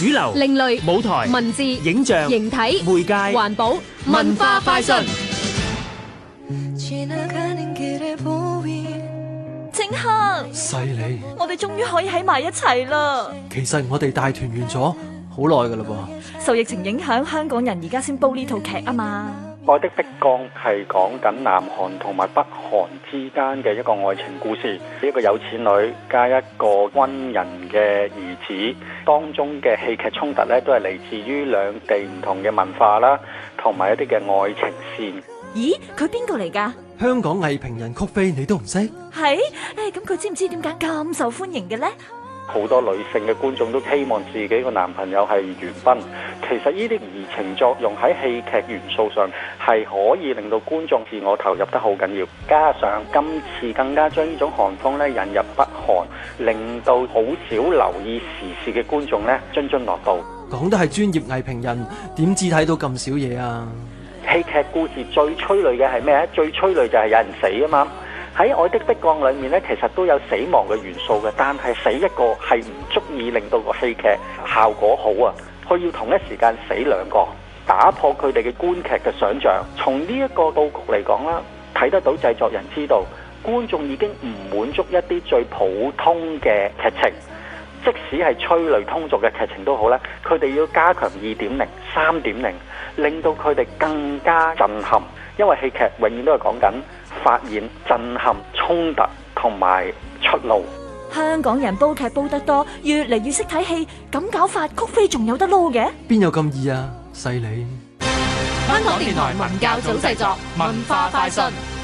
主流、另類、舞台、文字、影像、形體、媒介、環保、文化快訊。靜克，犀利！我哋終於可以喺埋一齊啦！其實我哋大團圓咗好耐㗎喇喎，受疫情影響，香港人而家先煲呢套劇啊嘛。《愛的迫降》係講緊南韓同埋北韓之間嘅一個愛情故事，一個有錢女加一個軍人嘅兒子，當中嘅戲劇衝突咧，都係嚟自於兩地唔同嘅文化啦，同埋一啲嘅愛情線。咦，佢邊個嚟㗎？香港藝評人曲飛，你都唔識？係，誒咁佢知唔知點解咁受歡迎嘅呢？好多女性嘅觀眾都希望自己個男朋友係元斌。其實呢啲移情作用喺戲劇元素上係可以令到觀眾自我投入得好緊要。加上今次更加將呢種韓風咧引入北韓，令到好少留意時事嘅觀眾咧津津樂道。講得係專業藝評人，點知睇到咁少嘢啊？戲劇故事最催淚嘅係咩啊？最催淚就係有人死啊嘛！喺《愛的迫降》裏面咧，其實都有死亡嘅元素嘅，但係死一個係唔足以令到個戲劇效果好啊！佢要同一時間死兩個，打破佢哋嘅觀劇嘅想象。從呢一個布局嚟講啦，睇得到製作人知道觀眾已經唔滿足一啲最普通嘅劇情，即使係催淚通俗嘅劇情都好咧，佢哋要加強二點零、三點零，令到佢哋更加震撼，因為戲劇永遠都係講緊。發現震撼衝突同埋出路。香港人煲劇煲得多，越嚟越識睇戲，咁搞法曲飛仲有得撈嘅？邊有咁易啊？犀利！香港電台文教組製作文化快訊。